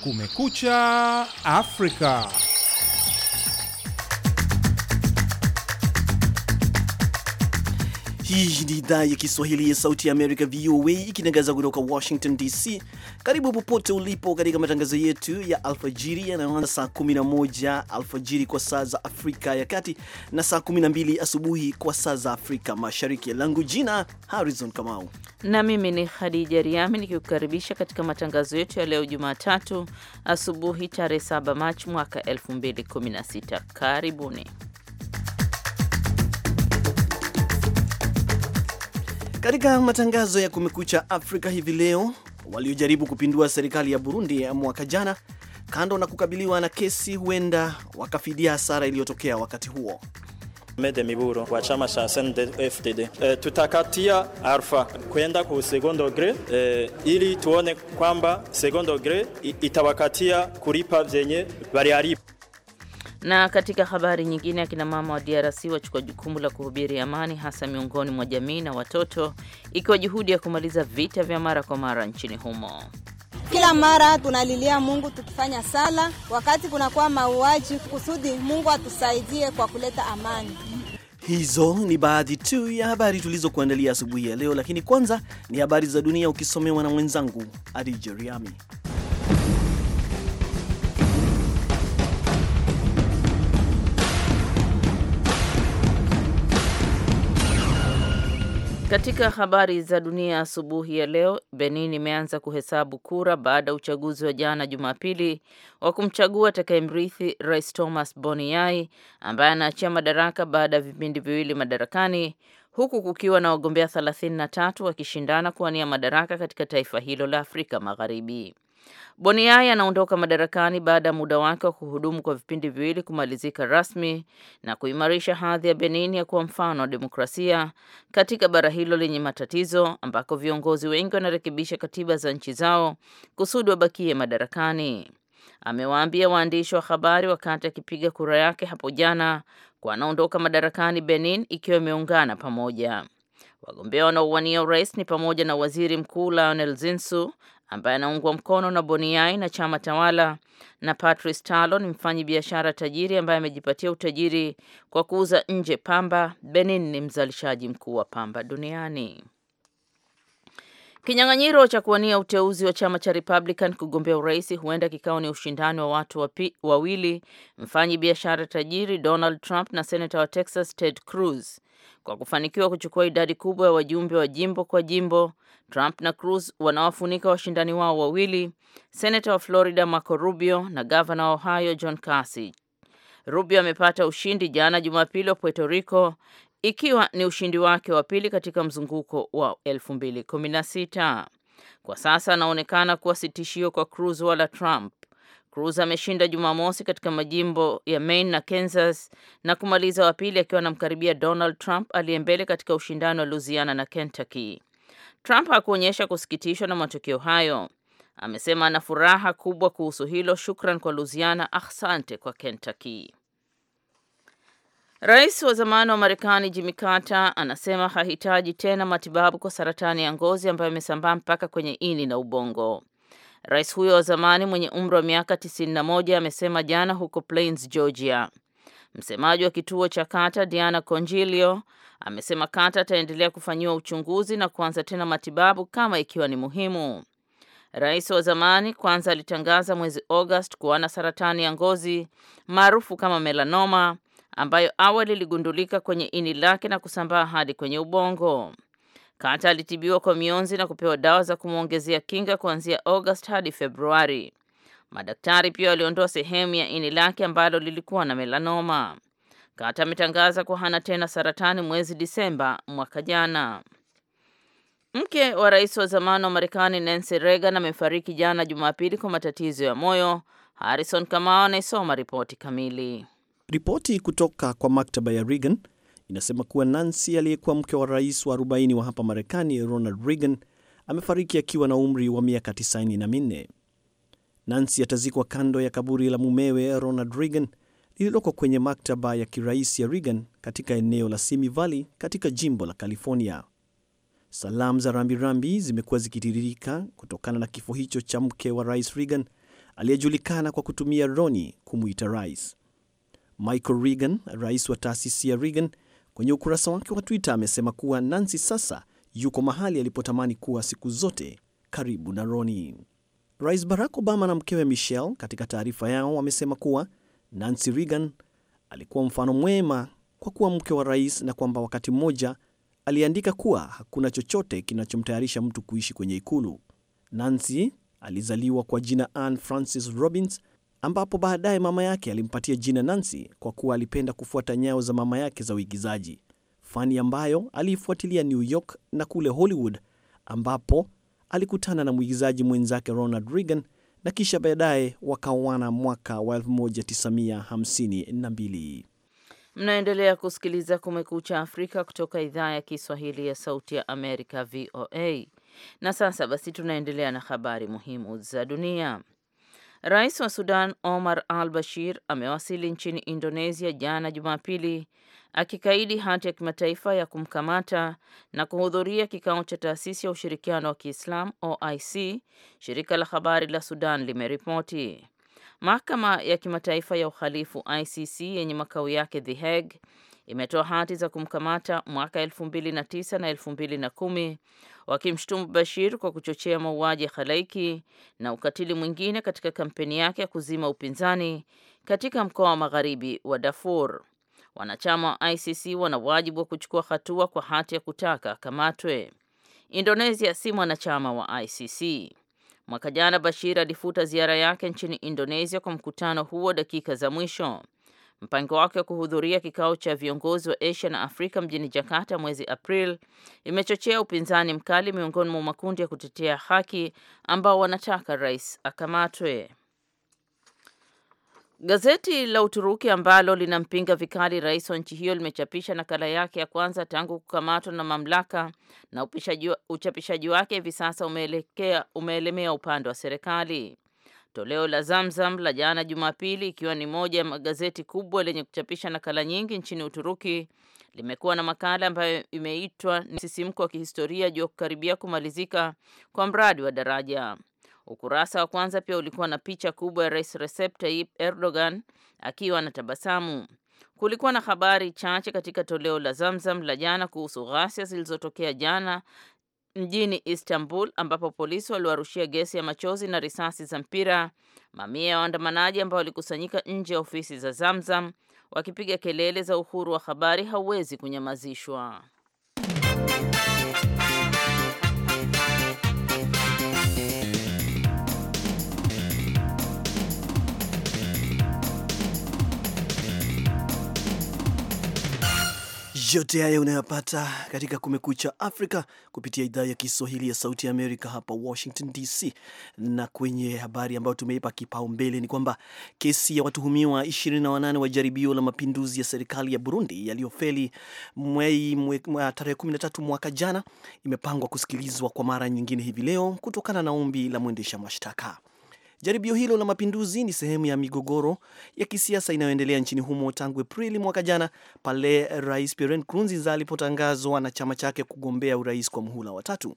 Kumekucha Afrika. Hii ni idhaa ya Kiswahili ya Sauti ya Amerika, VOA, ikitangaza kutoka Washington DC. Karibu popote ulipo katika matangazo yetu ya alfajiri yanayoanza saa 11 alfajiri kwa saa za Afrika ya Kati na saa 12 asubuhi kwa saa za Afrika Mashariki. Langu jina Harrison Kamau na mimi ni Khadija Riami nikikukaribisha katika matangazo yetu ya leo Jumatatu asubuhi tarehe 7 Machi mwaka 2016. Karibuni. Katika matangazo ya Kumekucha Afrika hivi leo, waliojaribu kupindua serikali ya Burundi ya mwaka jana, kando na kukabiliwa na kesi, huenda wakafidia hasara iliyotokea wakati huo. Mede Miburo wa chama cha CNDD-FDD e, eh, tutakatia arfa kwenda ku second degree e, eh, ili tuone kwamba second gre itawakatia kulipa vyenye bariaribu na katika habari nyingine, akina mama wa DRC wachukua jukumu la kuhubiri amani hasa miongoni mwa jamii na watoto, ikiwa juhudi ya kumaliza vita vya mara kwa mara nchini humo. Kila mara tunalilia Mungu tukifanya sala, wakati kunakuwa mauaji, kusudi Mungu atusaidie kwa kuleta amani. Hizo ni baadhi tu ya habari tulizokuandalia asubuhi ya leo, lakini kwanza ni habari za dunia ukisomewa na mwenzangu Adijeriami. Katika habari za dunia asubuhi ya leo, Benin imeanza kuhesabu kura baada ya uchaguzi wa jana Jumapili wa kumchagua atakayemrithi Rais Thomas boniai ambaye anaachia madaraka baada ya vipindi viwili madarakani huku kukiwa na wagombea 33 wakishindana kuwania madaraka katika taifa hilo la Afrika Magharibi. Boniai anaondoka madarakani baada ya muda wake wa kuhudumu kwa vipindi viwili kumalizika rasmi na kuimarisha hadhi ya Benin ya kuwa mfano wa demokrasia katika bara hilo lenye matatizo ambako viongozi wengi wanarekebisha katiba za nchi zao kusudi wabakie madarakani. Amewaambia waandishi wa habari wakati akipiga kura yake hapo jana kwa anaondoka madarakani Benin ikiwa imeungana pamoja. Wagombea wanaowania urais ni pamoja na Waziri Mkuu Lionel Zinsou ambaye anaungwa mkono na Boniai na chama tawala, na Patrice Talon ni mfanyi biashara tajiri ambaye amejipatia utajiri kwa kuuza nje pamba. Benin ni mzalishaji mkuu wa pamba duniani. Kinyang'anyiro cha kuwania uteuzi wa chama cha Republican kugombea urais huenda kikawa ni ushindani wa watu wawili, mfanyi biashara tajiri Donald Trump na senata wa Texas Ted Cruz. Kwa kufanikiwa kuchukua idadi kubwa ya wajumbe wa jimbo kwa jimbo, Trump na Cruz wanawafunika washindani wao wawili, senata wa Florida Marco Rubio na gavana wa Ohio John Kasich. Rubio amepata ushindi jana Jumapili wa Puerto Rico, ikiwa ni ushindi wake wa pili katika mzunguko wa 2016. Kwa sasa anaonekana kuwa si tishio kwa Cruz wala Trump. Cruz ameshinda Jumamosi katika majimbo ya Maine na Kansas na kumaliza wa pili akiwa anamkaribia Donald Trump aliye mbele katika ushindani wa Louisiana na Kentucky. Trump hakuonyesha kusikitishwa na matukio hayo. Amesema ana furaha kubwa kuhusu hilo, shukran kwa Louisiana, asante kwa Kentucky. Rais wa zamani wa Marekani Jimmy Carter anasema hahitaji tena matibabu kwa saratani ya ngozi ambayo imesambaa mpaka kwenye ini na ubongo. Rais huyo wa zamani mwenye umri wa miaka 91 amesema jana huko Plains, Georgia. Msemaji wa kituo cha kata Diana Conjilio amesema kata ataendelea kufanyiwa uchunguzi na kuanza tena matibabu kama ikiwa ni muhimu. Rais wa zamani kwanza alitangaza mwezi August kuwa na saratani ya ngozi maarufu kama melanoma ambayo awali iligundulika kwenye ini lake na kusambaa hadi kwenye ubongo. Kata alitibiwa kwa mionzi na kupewa dawa za kumwongezea kinga kuanzia August hadi Februari. Madaktari pia waliondoa sehemu ya ini lake ambalo lilikuwa na melanoma. kata ametangaza kuwa hana tena saratani mwezi Disemba mwaka jana. Mke wa rais wa zamani wa Marekani Nancy Reagan amefariki jana Jumapili kwa matatizo ya moyo. Harrison Kamau anaisoma ripoti kamili. Ripoti kutoka kwa maktaba ya Reagan inasema kuwa Nancy aliyekuwa mke wa rais wa 40 wa hapa Marekani Ronald Reagan amefariki akiwa na umri wa miaka 94. Nancy atazikwa kando ya kaburi la mumewe Ronald Reagan lililoko kwenye maktaba ya kirais ya Reagan katika eneo la Simi Valley katika jimbo la California. Salamu za rambirambi zimekuwa zikitiririka kutokana na kifo hicho cha mke wa rais Reagan aliyejulikana kwa kutumia Roni kumwita rais. Michael Reagan, rais wa taasisi ya Reagan, Kwenye ukurasa wake wa Twitter amesema kuwa Nancy sasa yuko mahali alipotamani kuwa siku zote, karibu na Roni. Rais Barack Obama na mkewe Michelle katika taarifa yao wamesema kuwa Nancy Reagan alikuwa mfano mwema kwa kuwa mke wa rais na kwamba wakati mmoja aliandika kuwa hakuna chochote kinachomtayarisha mtu kuishi kwenye ikulu. Nancy alizaliwa kwa jina Anne francis Robbins ambapo baadaye mama yake alimpatia jina Nancy kwa kuwa alipenda kufuata nyayo za mama yake za uigizaji, fani ambayo aliifuatilia New York na kule Hollywood, ambapo alikutana na mwigizaji mwenzake Ronald Reagan na kisha baadaye wakaoana mwaka wa 1952. Mnaendelea kusikiliza Kumekucha Afrika kutoka idhaa ya Kiswahili ya Sauti ya Amerika, VOA. Na sasa basi, tunaendelea na habari muhimu za dunia. Rais wa Sudan Omar al Bashir amewasili nchini Indonesia jana Jumapili akikaidi hati ya kimataifa ya kumkamata na kuhudhuria kikao cha taasisi ya ushirikiano wa Kiislamu OIC, shirika la habari la Sudan limeripoti. Mahakama ya kimataifa ya uhalifu ICC yenye makao yake The Hague imetoa hati za kumkamata mwaka 2009 na 2010 wakimshutumu Bashir kwa kuchochea mauaji ya halaiki na ukatili mwingine katika kampeni yake ya kuzima upinzani katika mkoa wa magharibi wa Darfur. Wanachama wa ICC wana wajibu wa kuchukua hatua kwa hati ya kutaka akamatwe. Indonesia si mwanachama wa ICC. Mwaka jana Bashir alifuta ziara yake nchini Indonesia kwa mkutano huo dakika za mwisho. Mpango wake wa kuhudhuria kikao cha viongozi wa Asia na Afrika mjini Jakarta mwezi April imechochea upinzani mkali miongoni mwa makundi ya kutetea haki ambao wanataka rais akamatwe. Gazeti la Uturuki ambalo linampinga vikali rais wa nchi hiyo limechapisha nakala yake ya kwanza tangu kukamatwa na mamlaka na uchapishaji wake hivi sasa umeelekea umeelemea upande wa serikali. Toleo la Zamzam la jana Jumapili, ikiwa ni moja ya magazeti kubwa lenye kuchapisha nakala nyingi nchini Uturuki, limekuwa na makala ambayo imeitwa msisimko wa kihistoria juu ya kukaribia kumalizika kwa mradi wa daraja. Ukurasa wa kwanza pia ulikuwa na picha kubwa ya Rais Recep Tayyip Erdogan akiwa tabasamu Kulikuwa na habari chache katika toleo la Zamzam la jana kuhusu ghasia zilizotokea jana mjini Istanbul ambapo polisi waliwarushia gesi ya machozi na risasi za mpira mamia ya waandamanaji ambao walikusanyika nje ya ofisi za Zamzam wakipiga kelele za uhuru wa habari hauwezi kunyamazishwa. Yote haya unayapata katika Kumekucha Afrika kupitia idhaa ya Kiswahili ya Sauti ya Amerika hapa Washington DC. Na kwenye habari ambayo tumeipa kipaumbele ni kwamba kesi ya watuhumiwa 28 wa jaribio la mapinduzi ya serikali ya Burundi yaliyofeli mwei tarehe 13 mwaka jana imepangwa kusikilizwa kwa mara nyingine hivi leo kutokana na ombi la mwendesha mashtaka. Jaribio hilo la mapinduzi ni sehemu ya migogoro ya kisiasa inayoendelea nchini humo tangu Aprili mwaka jana, pale Rais Pierre Nkurunziza alipotangazwa na chama chake kugombea urais kwa muhula wa tatu.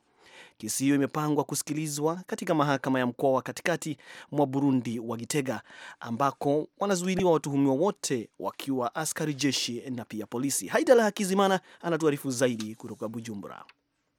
Kesi hiyo imepangwa kusikilizwa katika mahakama ya mkoa wa katikati mwa Burundi wa Gitega, ambako wanazuiliwa watuhumiwa wote wakiwa askari jeshi na pia polisi. Haidala Hakizimana anatuarifu zaidi kutoka Bujumbura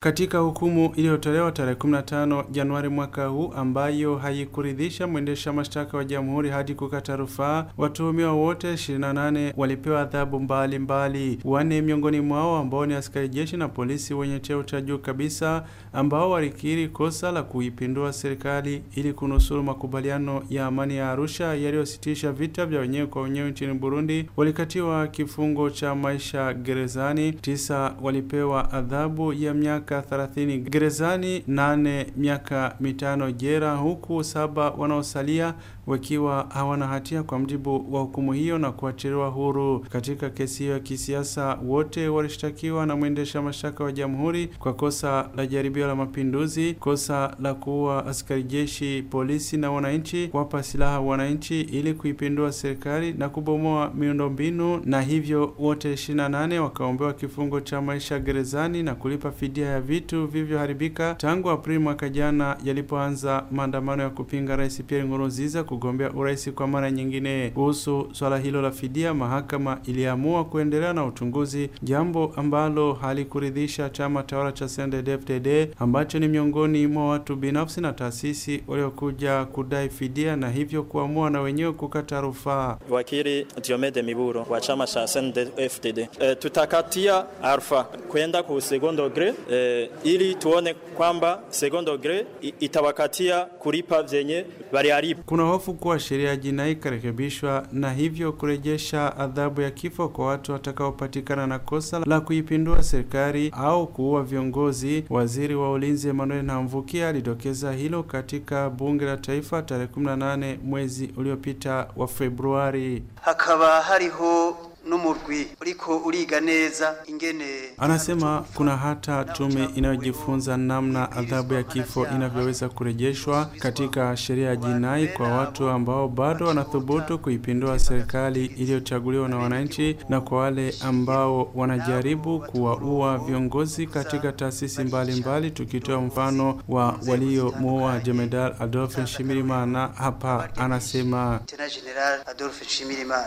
katika hukumu iliyotolewa tarehe 15 Januari mwaka huu ambayo haikuridhisha mwendesha mashtaka wa jamhuri hadi kukata rufaa, watuhumiwa wote 28 walipewa adhabu mbalimbali. Wanne miongoni mwao ambao ni askari jeshi na polisi wenye cheo cha juu kabisa ambao walikiri kosa la kuipindua serikali ili kunusuru makubaliano ya amani ya Arusha yaliyositisha vita vya wenyewe kwa wenyewe nchini Burundi walikatiwa kifungo cha maisha gerezani. Tisa walipewa adhabu ya miaka miaka 30 gerezani, nane miaka mitano jera, huku saba wanaosalia wakiwa hawana hatia kwa mjibu wa hukumu hiyo na kuachiliwa huru. Katika kesi hiyo ya kisiasa, wote walishtakiwa na mwendesha mashtaka wa jamhuri kwa kosa la jaribio la mapinduzi, kosa la kuua askari jeshi, polisi na wananchi, kuwapa silaha wananchi ili kuipindua serikali na kubomoa miundombinu, na hivyo wote 28 wakaombewa kifungo cha maisha gerezani na kulipa fidia ya vitu vilivyoharibika tangu Aprili mwaka jana yalipoanza maandamano ya kupinga Rais Pierre Nkurunziza kugombea urais kwa mara nyingine. Kuhusu swala hilo la fidia, mahakama iliamua kuendelea na uchunguzi, jambo ambalo halikuridhisha chama tawala cha CNDD-FDD ambacho ni miongoni mwa watu binafsi na taasisi waliokuja kudai fidia na hivyo kuamua na wenyewe kukata rufaa. Wakili Diomede Miburo wa chama cha CNDD-FDD: e, eh, tutakatia arfa kwenda ku second degree e, eh, ili tuone kwamba second degree itawakatia kulipa vyenye waliharibu. Kuna hofu hofu kuwa sheria ya jinai ikarekebishwa na hivyo kurejesha adhabu ya kifo kwa watu watakaopatikana na kosa la kuipindua serikali au kuua viongozi. Waziri wa Ulinzi Emmanuel Namvukia alidokeza hilo katika Bunge la Taifa tarehe 18 mwezi uliopita wa Februari. hakaba hariho n'umurwi uliko uriga neza ingene. Anasema kuna hata tume inayojifunza namna adhabu ya kifo inavyoweza kurejeshwa katika sheria ya jinai kwa watu ambao bado wanathubutu kuipindua serikali iliyochaguliwa na wananchi, na kwa wale ambao wanajaribu kuwaua viongozi katika taasisi mbalimbali, tukitoa mfano wa waliomuua Jemedal Adolphe Nshimirimana. Hapa anasema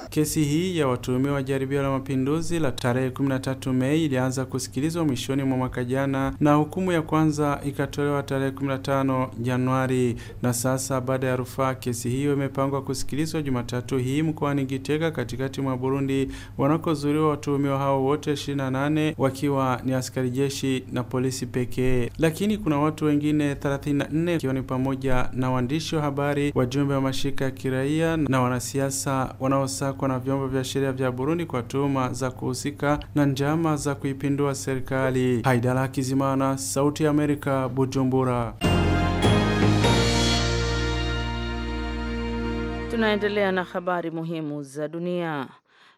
kesi hii ya watuhumiwa jaribio la mapinduzi la tarehe 13 Mei ilianza kusikilizwa mwishoni mwa mwaka jana na hukumu ya kwanza ikatolewa tarehe 15 Januari, na sasa baada ya rufaa, kesi hiyo imepangwa kusikilizwa Jumatatu hii mkoani Gitega, katikati mwa Burundi, wanakozuliwa watuhumiwa hao wote 28 wakiwa ni askari jeshi na polisi pekee, lakini kuna watu wengine 34 ikiwa ni pamoja na waandishi wa habari, wajumbe wa mashirika ya kiraia na wanasiasa wanaosakwa na vyombo vya sheria vya Burundi mbaroni kwa tuhuma za kuhusika na njama za kuipindua serikali. Haidala Kizimana, Sauti ya Amerika, Bujumbura. Tunaendelea na habari muhimu za dunia.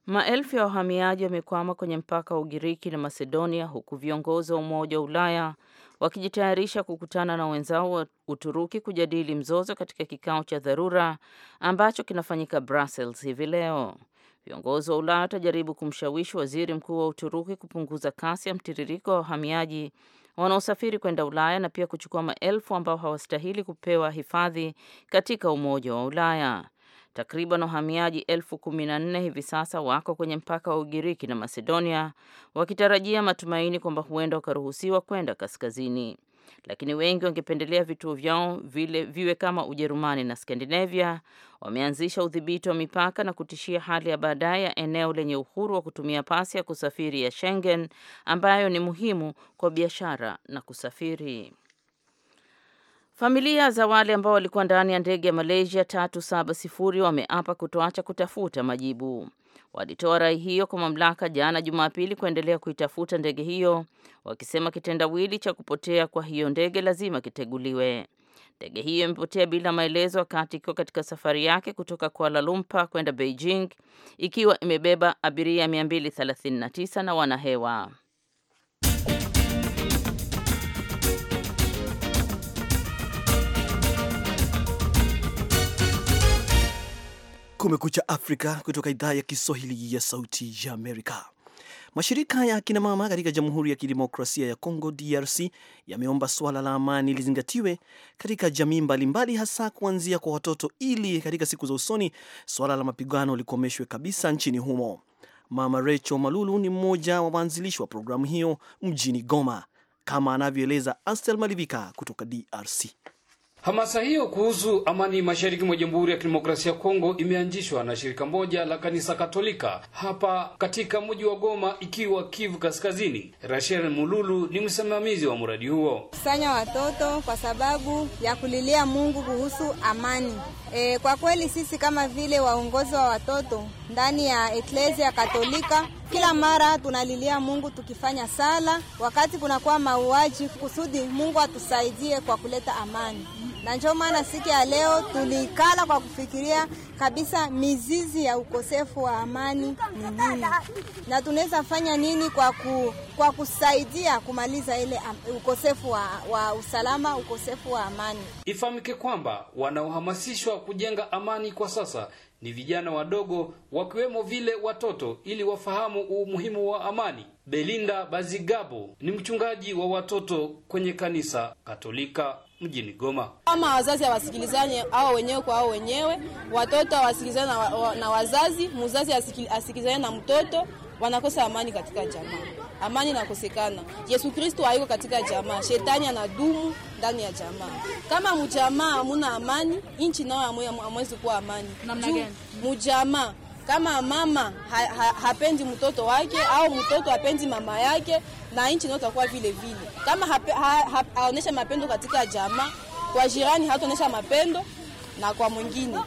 Maelfu ya wahamiaji wamekwama kwenye mpaka wa Ugiriki na Macedonia huku viongozi wa Umoja wa Ulaya wakijitayarisha kukutana na wenzao wa Uturuki kujadili mzozo katika kikao cha dharura ambacho kinafanyika Brussels hivi leo. Viongozi wa Ulaya watajaribu kumshawishi waziri mkuu wa Uturuki kupunguza kasi ya mtiririko wa wahamiaji wanaosafiri kwenda Ulaya na pia kuchukua maelfu ambao hawastahili kupewa hifadhi katika Umoja wa Ulaya. Takriban wahamiaji elfu kumi na nne hivi sasa wako kwenye mpaka wa Ugiriki na Macedonia wakitarajia matumaini kwamba huenda wakaruhusiwa kwenda kaskazini lakini wengi wangependelea vituo vyao vile viwe kama Ujerumani na Skandinavia. Wameanzisha udhibiti wa mipaka na kutishia hali ya baadaye ya eneo lenye uhuru wa kutumia pasi ya kusafiri ya Schengen ambayo ni muhimu kwa biashara na kusafiri. Familia za wale ambao walikuwa ndani ya ndege ya Malaysia 370 wameapa kutoacha kutafuta majibu walitoa rai hiyo kwa mamlaka jana Jumapili kuendelea kuitafuta ndege hiyo, wakisema kitendawili cha kupotea kwa hiyo ndege lazima kiteguliwe. Ndege hiyo imepotea bila maelezo wakati ikiwa katika safari yake kutoka Kuala Lumpur kwenda Beijing, ikiwa imebeba abiria 239 na wanahewa. Kumekucha Afrika kutoka idhaa ya Kiswahili ya Sauti ya Amerika. Mashirika ya akinamama katika Jamhuri ya Kidemokrasia ya congo DRC, yameomba suala la amani lizingatiwe katika jamii mbalimbali, hasa kuanzia kwa watoto, ili katika siku za usoni suala la mapigano likomeshwe kabisa nchini humo. Mama Recho Malulu ni mmoja wa waanzilishi wa programu hiyo mjini Goma, kama anavyoeleza Astel Malivika kutoka DRC. Hamasa hiyo kuhusu amani mashariki mwa Jamhuri ya Kidemokrasia ya Kongo imeanzishwa na shirika moja la kanisa Katolika hapa katika mji wa Goma, ikiwa Kivu Kaskazini. Rachel Mululu ni msimamizi wa mradi huo. Sanya watoto kwa sababu ya kulilia Mungu kuhusu amani. E, kwa kweli sisi kama vile waongozi wa watoto ndani ya Eklesia Katolika kila mara tunalilia Mungu tukifanya sala, wakati kunakuwa mauaji, kusudi Mungu atusaidie kwa kuleta amani na ndio maana siku ya leo tulikala kwa kufikiria kabisa mizizi ya ukosefu wa amani ni nini na tunaweza fanya nini kwa, ku, kwa kusaidia kumaliza ile ukosefu wa, wa usalama, ukosefu wa amani. Ifahamike kwamba wanaohamasishwa kujenga amani kwa sasa ni vijana wadogo wakiwemo vile watoto ili wafahamu umuhimu wa amani. Belinda Bazigabo ni mchungaji wa watoto kwenye kanisa Katolika mjini Goma. Kama wazazi hawasikilizane hao wenyewe kwa hao wenyewe, watoto hawasikilizane na, wa, na wazazi, mzazi asikilizane na mtoto, wanakosa amani katika jamaa. Amani inakosekana. Yesu Kristo hayuko katika jamaa, shetani anadumu ndani ya jamaa. Kama mjamaa hamuna amani, nchi nayo hamwezi kuwa amani. Namna gani? Mjamaa kama mama ha, ha, hapendi mtoto wake au mtoto hapendi mama yake na nchi nayo vile vile. Kama haonyesha ha, mapendo katika jamaa, kwa jirani hataonyesha mapendo na kwa mwingine.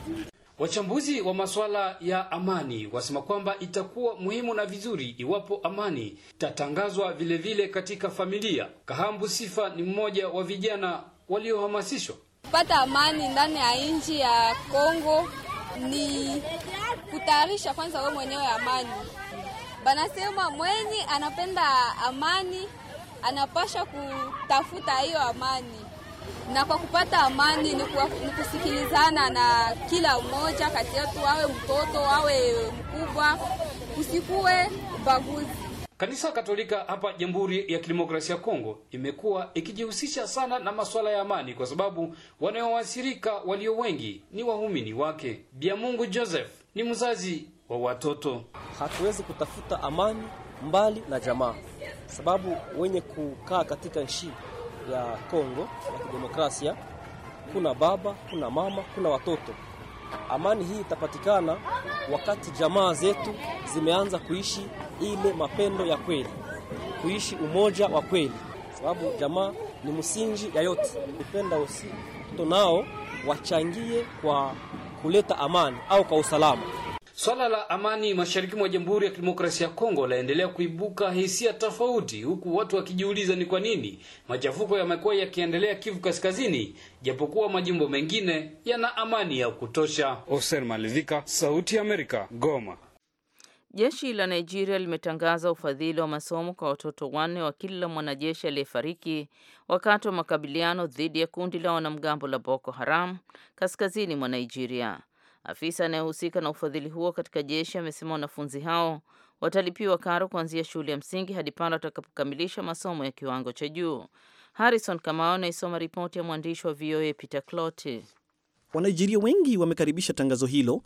Wachambuzi wa masuala ya amani wasema kwamba itakuwa muhimu na vizuri iwapo amani itatangazwa vile vile katika familia. Kahambu Sifa ni mmoja wa vijana waliohamasishwa. Kupata amani ndani ya nchi ya Kongo ni kutayarisha kwanza wewe mwenyewe amani Banasema mwenye anapenda amani anapasha kutafuta hiyo amani, na kwa kupata amani ni, kwa, kusikilizana na kila mmoja kati yetu, awe mtoto awe mkubwa, kusikuwe ubaguzi. Kanisa Katolika hapa Jamhuri ya Kidemokrasia ya Kongo imekuwa ikijihusisha sana na masuala ya amani kwa sababu wanaowasirika walio wengi ni waumini wake. bia Mungu Joseph ni mzazi wa watoto. Hatuwezi kutafuta amani mbali na jamaa, sababu wenye kukaa katika nchi ya Kongo ya kidemokrasia kuna baba, kuna mama, kuna watoto. Amani hii itapatikana wakati jamaa zetu zimeanza kuishi ile mapendo ya kweli, kuishi umoja wa kweli, sababu jamaa ni msingi ya yote. Nipenda watoto nao wachangie kwa kuleta amani au kwa usalama. Swala la amani mashariki mwa Jamhuri ya Kidemokrasia ya Kongo laendelea kuibuka hisia tofauti, huku watu wakijiuliza ni kwa nini machafuko yamekuwa yakiendelea Kivu Kaskazini, japokuwa majimbo mengine yana amani ya kutosha. Oser Malivika, Sauti ya Amerika, Goma. Jeshi la Nigeria limetangaza ufadhili wa masomo kwa watoto wanne wa kila mwanajeshi aliyefariki wakati wa makabiliano dhidi ya kundi la wanamgambo la Boko Haram kaskazini mwa Nigeria. Afisa anayehusika na ufadhili huo katika jeshi amesema wanafunzi hao watalipiwa karo kuanzia shule ya msingi hadi pale watakapokamilisha masomo ya kiwango cha juu. Harrison Kamau anaisoma ripoti ya mwandishi wa VOA Peter Clote. Wanaijeria wengi wamekaribisha tangazo hilo,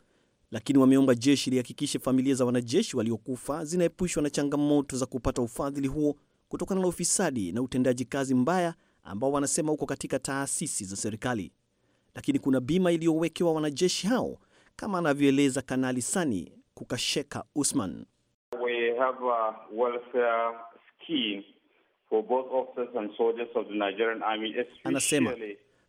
lakini wameomba jeshi lihakikishe familia za wanajeshi waliokufa zinaepushwa na changamoto za kupata ufadhili huo kutokana na ufisadi na utendaji kazi mbaya ambao wanasema uko katika taasisi za serikali. Lakini kuna bima iliyowekewa wanajeshi hao kama anavyoeleza Kanali Sani Kukasheka Usman. We have a welfare scheme for both officers and soldiers of the Nigerian Army. Anasema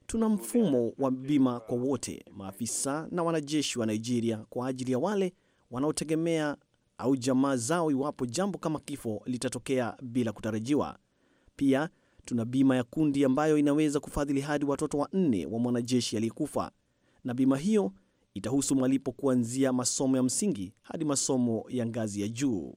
tuna mfumo wa bima kwa wote maafisa na wanajeshi wa Nigeria kwa ajili ya wale wanaotegemea au jamaa zao iwapo jambo kama kifo litatokea bila kutarajiwa. Pia tuna bima ya kundi ambayo inaweza kufadhili hadi watoto wanne wa mwanajeshi aliyekufa, na bima hiyo itahusu malipo kuanzia masomo ya msingi hadi masomo ya ngazi ya juu.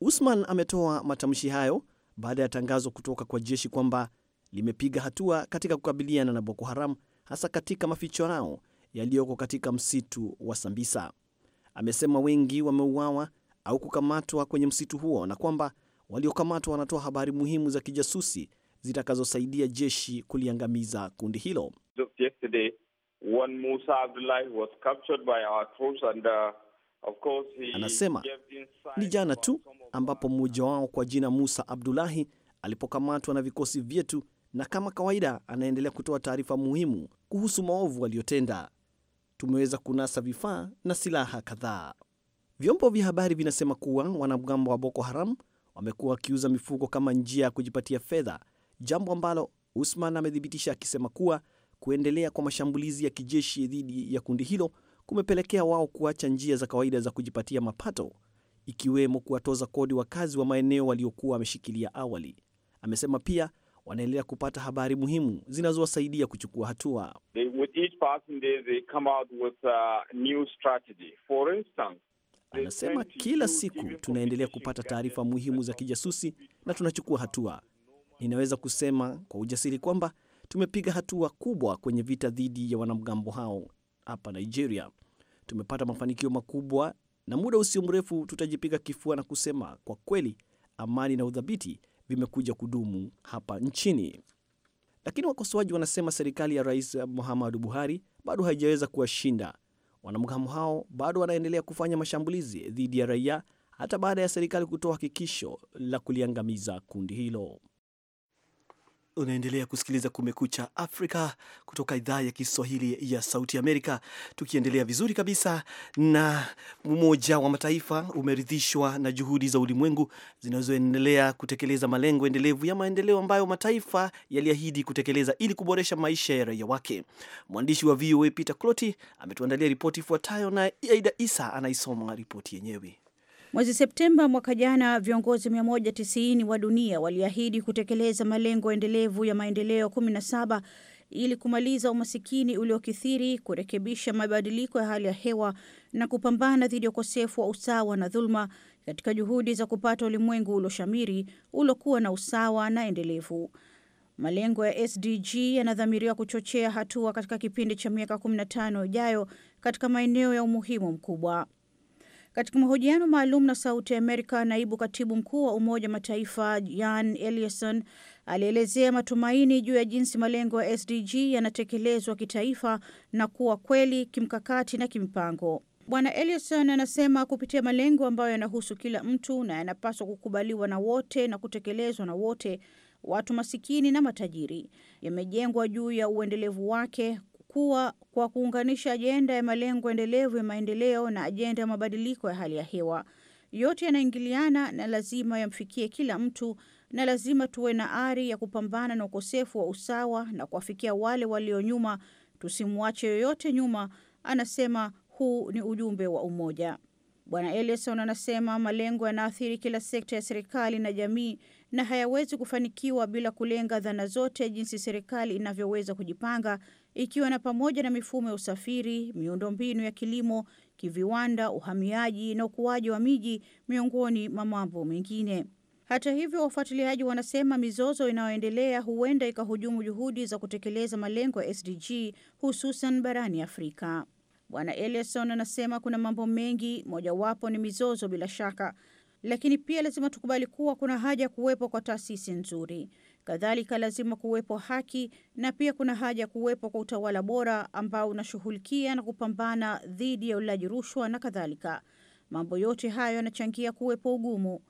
Usman ametoa matamshi hayo baada ya tangazo kutoka kwa jeshi kwamba limepiga hatua katika kukabiliana na Boko Haram hasa katika maficho yao yaliyoko katika msitu wa Sambisa. Amesema wengi wameuawa au kukamatwa kwenye msitu huo na kwamba waliokamatwa wanatoa habari muhimu za kijasusi zitakazosaidia jeshi kuliangamiza kundi hilo. When Musa Abdullahi was captured by our troops and, uh, of course he anasema ni jana tu ambapo mmoja wao kwa jina Musa Abdullahi alipokamatwa na vikosi vyetu, na kama kawaida anaendelea kutoa taarifa muhimu kuhusu maovu aliyotenda. Tumeweza kunasa vifaa na silaha kadhaa. Vyombo vya habari vinasema kuwa wanamgambo wa Boko Haram wamekuwa wakiuza mifugo kama njia ya kujipatia fedha, jambo ambalo Usman amethibitisha akisema kuwa Kuendelea kwa mashambulizi ya kijeshi dhidi ya kundi hilo kumepelekea wao kuacha njia za kawaida za kujipatia mapato, ikiwemo kuwatoza kodi wakazi wa maeneo waliokuwa wameshikilia awali. Amesema pia wanaendelea kupata habari muhimu zinazowasaidia kuchukua hatua. Anasema kila siku tunaendelea kupata taarifa muhimu za kijasusi na tunachukua hatua. Ninaweza kusema kwa ujasiri kwamba tumepiga hatua kubwa kwenye vita dhidi ya wanamgambo hao hapa Nigeria. Tumepata mafanikio makubwa, na muda usio mrefu tutajipiga kifua na kusema kwa kweli, amani na udhabiti vimekuja kudumu hapa nchini. Lakini wakosoaji wanasema serikali ya Rais Muhammadu Buhari bado haijaweza kuwashinda wanamgambo hao. Bado wanaendelea kufanya mashambulizi dhidi ya raia hata baada ya serikali kutoa hakikisho la kuliangamiza kundi hilo unaendelea kusikiliza Kumekucha Afrika kutoka idhaa ya Kiswahili ya Sauti Amerika, tukiendelea vizuri kabisa na Umoja wa Mataifa umeridhishwa na juhudi za ulimwengu zinazoendelea kutekeleza malengo endelevu ya maendeleo ambayo mataifa yaliahidi kutekeleza ili kuboresha maisha ya raia wake. Mwandishi wa VOA Peter Cloti ametuandalia ripoti ifuatayo, naye Aida Isa anaisoma ripoti yenyewe. Mwezi Septemba mwaka jana, viongozi 190 wa dunia waliahidi kutekeleza malengo endelevu ya maendeleo 17 ili kumaliza umasikini uliokithiri, kurekebisha mabadiliko ya hali ya hewa na kupambana dhidi ya ukosefu wa usawa na dhuluma katika juhudi za kupata ulimwengu ulioshamiri, uliokuwa na usawa na endelevu. Malengo ya SDG yanadhamiriwa kuchochea hatua katika kipindi cha miaka 15 ijayo katika maeneo ya umuhimu mkubwa. Katika mahojiano maalum na Sauti ya Amerika, naibu katibu mkuu wa Umoja wa Mataifa Jan Eliasson alielezea matumaini juu ya jinsi malengo ya SDG yanatekelezwa kitaifa na kuwa kweli kimkakati na kimpango. Bwana Eliasson anasema kupitia malengo ambayo yanahusu kila mtu na yanapaswa kukubaliwa na wote na kutekelezwa na wote, watu masikini na matajiri, yamejengwa juu ya uendelevu wake kuwa kwa kuunganisha ajenda ya malengo endelevu ya maendeleo na ajenda ya mabadiliko ya hali ya hewa. Yote yanaingiliana na lazima yamfikie kila mtu, na lazima tuwe na ari ya kupambana na ukosefu wa usawa na kuwafikia wale walio nyuma. Tusimwache yoyote nyuma, anasema. Huu ni ujumbe wa umoja. Bwana Ellison anasema malengo yanaathiri kila sekta ya serikali na jamii na hayawezi kufanikiwa bila kulenga dhana zote jinsi serikali inavyoweza kujipanga ikiwa na pamoja na mifumo ya usafiri, miundombinu ya kilimo, kiviwanda, uhamiaji na ukuaji wa miji, miongoni mwa mambo mengine. Hata hivyo, wafuatiliaji wanasema mizozo inayoendelea huenda ikahujumu juhudi za kutekeleza malengo ya SDG hususan barani Afrika. Bwana Ellison anasema kuna mambo mengi, mojawapo ni mizozo bila shaka, lakini pia lazima tukubali kuwa kuna haja ya kuwepo kwa taasisi nzuri. Kadhalika, lazima kuwepo haki na pia kuna haja ya kuwepo kwa utawala bora ambao unashughulikia na kupambana dhidi ya ulaji rushwa na kadhalika. Mambo yote hayo yanachangia kuwepo ugumu.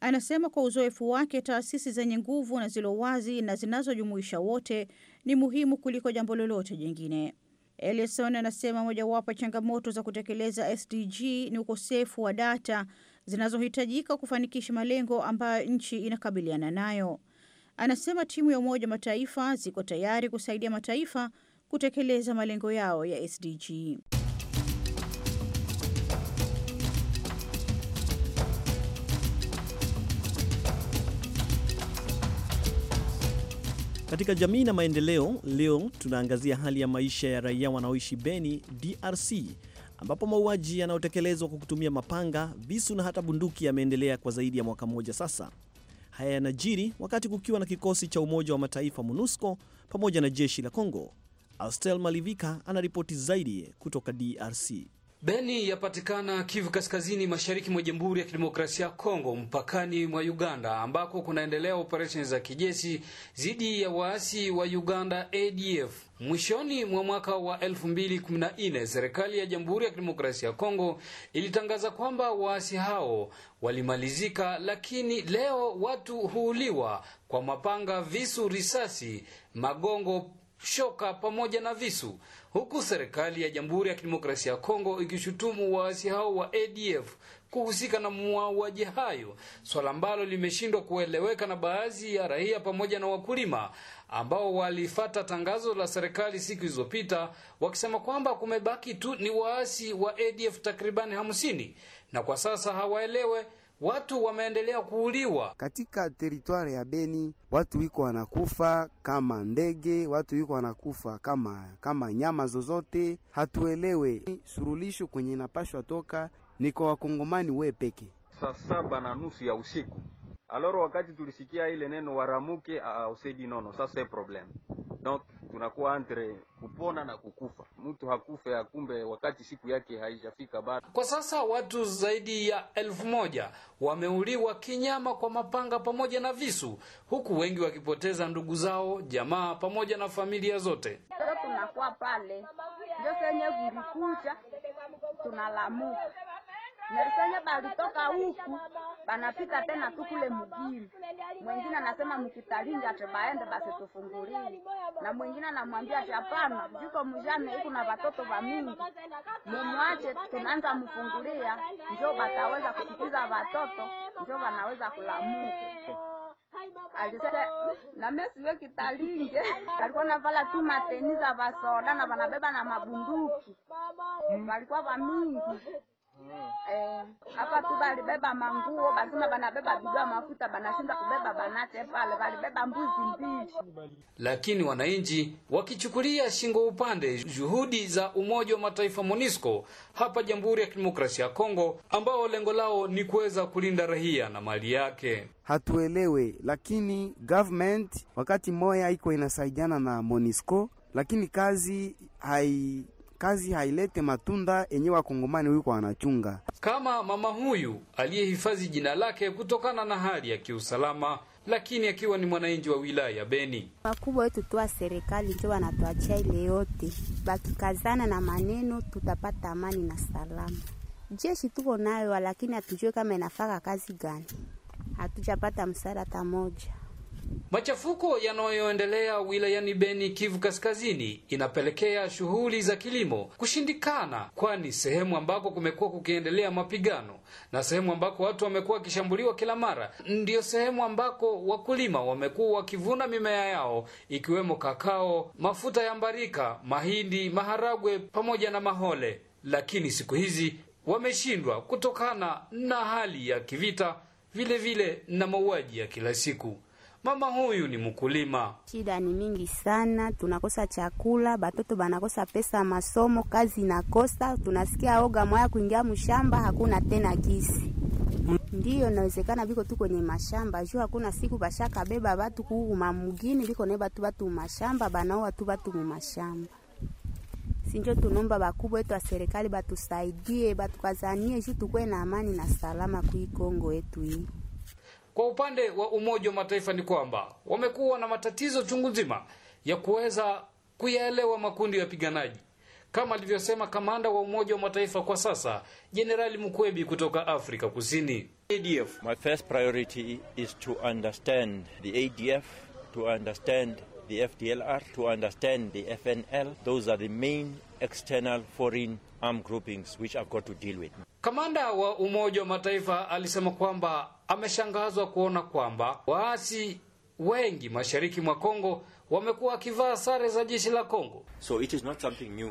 Anasema kwa uzoefu wake, taasisi zenye nguvu na zilo wazi na zinazojumuisha wote ni muhimu kuliko jambo lolote jingine. Ellison anasema mojawapo ya changamoto za kutekeleza SDG ni ukosefu wa data zinazohitajika kufanikisha malengo ambayo nchi inakabiliana nayo. Anasema timu ya Umoja wa Mataifa ziko tayari kusaidia mataifa kutekeleza malengo yao ya SDG. Katika jamii na maendeleo, leo tunaangazia hali ya maisha ya raia wanaoishi Beni, DRC, ambapo mauaji yanayotekelezwa kwa kutumia mapanga, visu na hata bunduki yameendelea kwa zaidi ya mwaka mmoja sasa. Haya yanajiri wakati kukiwa na kikosi cha Umoja wa Mataifa MONUSCO pamoja na jeshi la congo Austel Malivika anaripoti zaidi kutoka DRC. Beni yapatikana Kivu Kaskazini, mashariki mwa Jamhuri ya Kidemokrasia ya Kongo, mpakani mwa Uganda, ambako kunaendelea operesheni za kijeshi dhidi ya waasi wa Uganda ADF. Mwishoni mwa mwaka wa 2014 serikali ya Jamhuri ya Kidemokrasia ya Kongo ilitangaza kwamba waasi hao walimalizika, lakini leo watu huuliwa kwa mapanga, visu, risasi, magongo, shoka pamoja na visu huku serikali ya Jamhuri ya Kidemokrasia ya Kongo ikishutumu waasi hao wa ADF kuhusika na mauaji hayo, swala ambalo limeshindwa kueleweka na baadhi ya raia pamoja na wakulima ambao walifata tangazo la serikali siku zilizopita wakisema kwamba kumebaki tu ni waasi wa ADF takribani hamsini na kwa sasa hawaelewe watu wameendelea kuuliwa katika teritwari ya Beni. Watu wiko wanakufa kama ndege, watu wiko wanakufa kama kama nyama zozote. Hatuelewe surulisho kwenye inapashwa toka ni kwa wakongomani we peke. Saa saba na nusu ya usiku aloro, wakati tulisikia ile neno waramuke, uh, usedi nono, sasa problem donc tunakuwa antre kupona na kukufa. Mtu hakufe akumbe wakati siku yake haijafika bado. Kwa sasa watu zaidi ya elfu moja wameuliwa kinyama kwa mapanga pamoja na visu, huku wengi wakipoteza ndugu zao, jamaa pamoja na familia zote. Tunakuwa pale ndio kenye kulikucha, tunalamuka Nerisenye balitoka huku banapita tena tukule mugini. Mwengine anasema mkitalinja tebaende basi tufungulie, na mwengine anamwambia hapana, jiko mjane huku na watoto wa mingi, mumwache, tunaanza mfungulia, njo bataweza kutukuza watoto, njo wanaweza kulamuka. Alise na mesiwe kitalinge alikuwa navala tu mateni za vasoda na vanabeba na mabunduki, wa mingi. Eh, hapa tu balibeba manguo basema banabeba bidua mafuta banashinda kubeba banate pale balibeba mbuzi mbichi. Lakini wananchi wakichukulia shingo upande juhudi za Umoja wa Mataifa MONUSCO hapa Jamhuri ya Kidemokrasia ya Kongo, ambao lengo lao ni kuweza kulinda raia na mali yake hatuelewe, lakini government wakati moya iko inasaidiana na MONUSCO, lakini kazi hai kazi hailete matunda yenye wakongomani wiko wanachunga, kama mama huyu aliyehifadhi jina lake kutokana na hali ya kiusalama lakini akiwa ni mwananchi wa wilaya ya Beni. Wakubwa wetu tuwa serikali ndio wanatuachia ile yote, bakikazana na maneno tutapata amani na salama. Jeshi tuko nayo, lakini hatujue kama inafaka kazi gani, hatujapata msaada hata moja. Machafuko yanayoendelea wilayani Beni, Kivu Kaskazini, inapelekea shughuli za kilimo kushindikana, kwani sehemu ambako kumekuwa kukiendelea mapigano na sehemu ambako watu wamekuwa wakishambuliwa kila mara, ndiyo sehemu ambako wakulima wamekuwa wakivuna mimea yao ikiwemo kakao, mafuta ya mbarika, mahindi, maharagwe pamoja na mahole, lakini siku hizi wameshindwa kutokana na hali ya kivita, vile vile na mauaji ya kila siku. Mama huyu ni mkulima. Shida ni mingi sana, tunakosa chakula, batoto banakosa pesa masomo, kazi inakosa, tunasikia oga moya kuingia mshamba, hakuna tena kisi Ndiyo nawezekana biko tu kwenye mashamba juu hakuna siku bashaka beba batu kuuma mugini biko ne batu batu mumashamba banaoa tu batu mashamba. Sinjo tunomba bakubwa wetu wa serikali batusaidie batukazanie juu tukwe na amani na salama kui Kongo yetu hii. Kwa upande wa Umoja wa Mataifa ni kwamba wamekuwa na matatizo chungu nzima ya kuweza kuyaelewa makundi ya wapiganaji, kama alivyosema kamanda wa Umoja wa Mataifa kwa sasa Jenerali Mukwebi kutoka Afrika Kusini. ADF. My first priority is to understand the ADF, to understand the FDLR, to understand the FNL. Those are the main external foreign armed groupings which I've got to deal with. Kamanda wa Umoja wa Mataifa alisema kwamba ameshangazwa kuona kwamba waasi wengi mashariki mwa Kongo wamekuwa wakivaa sare za jeshi la Kongo. So it is not something new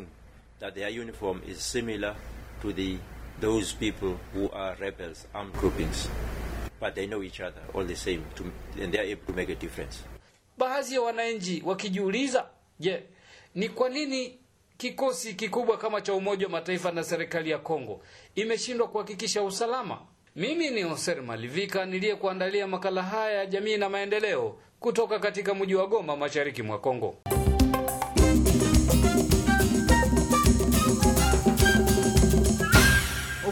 that their uniform is similar to the those people who are rebels armed groupings but they know each other all the same to, and they are able to make a difference. Baadhi ya wananchi wakijiuliza, je, yeah, ni kwa nini kikosi kikubwa kama cha Umoja wa Mataifa na serikali ya Kongo imeshindwa kuhakikisha usalama? Mimi ni Hoser Malivika niliyekuandalia makala haya ya jamii na maendeleo kutoka katika mji wa Goma, mashariki mwa Kongo.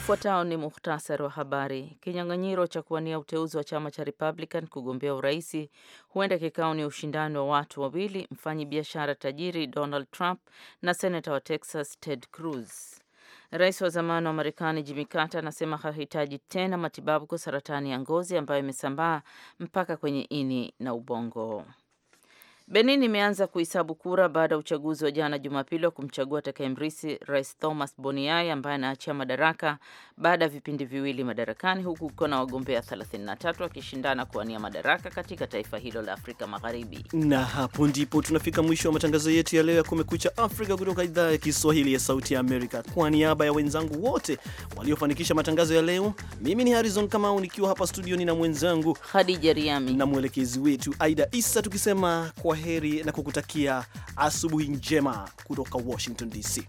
Ufuatao ni muhtasari wa habari. Kinyang'anyiro cha kuwania uteuzi wa chama cha Republican kugombea uraisi huenda kikao ni ushindani wa watu wawili, mfanyi biashara tajiri Donald Trump na senata wa Texas Ted Cruz. Rais wa zamani wa Marekani Jimmy Carter anasema hahitaji tena matibabu kwa saratani ya ngozi ambayo imesambaa mpaka kwenye ini na ubongo. Benin imeanza kuhesabu kura baada ya uchaguzi wa jana Jumapili wa kumchagua atakayemrithi Rais Thomas Boniai ambaye anaachia madaraka baada ya vipindi viwili madarakani, huku kukiwa na wagombea 33 wakishindana kuwania madaraka katika taifa hilo la Afrika Magharibi. Na hapo ndipo tunafika mwisho wa matangazo yetu ya leo ya Kumekucha Afrika kutoka idhaa ya Kiswahili ya Sauti ya Amerika. Kwa niaba ya wenzangu wote waliofanikisha matangazo ya leo, mimi ni Harrison Kamau nikiwa hapa studioni na mwenzangu Khadija Riami na mwelekezi wetu Aida isa tukisema kwa heri na kukutakia asubuhi njema kutoka Washington DC.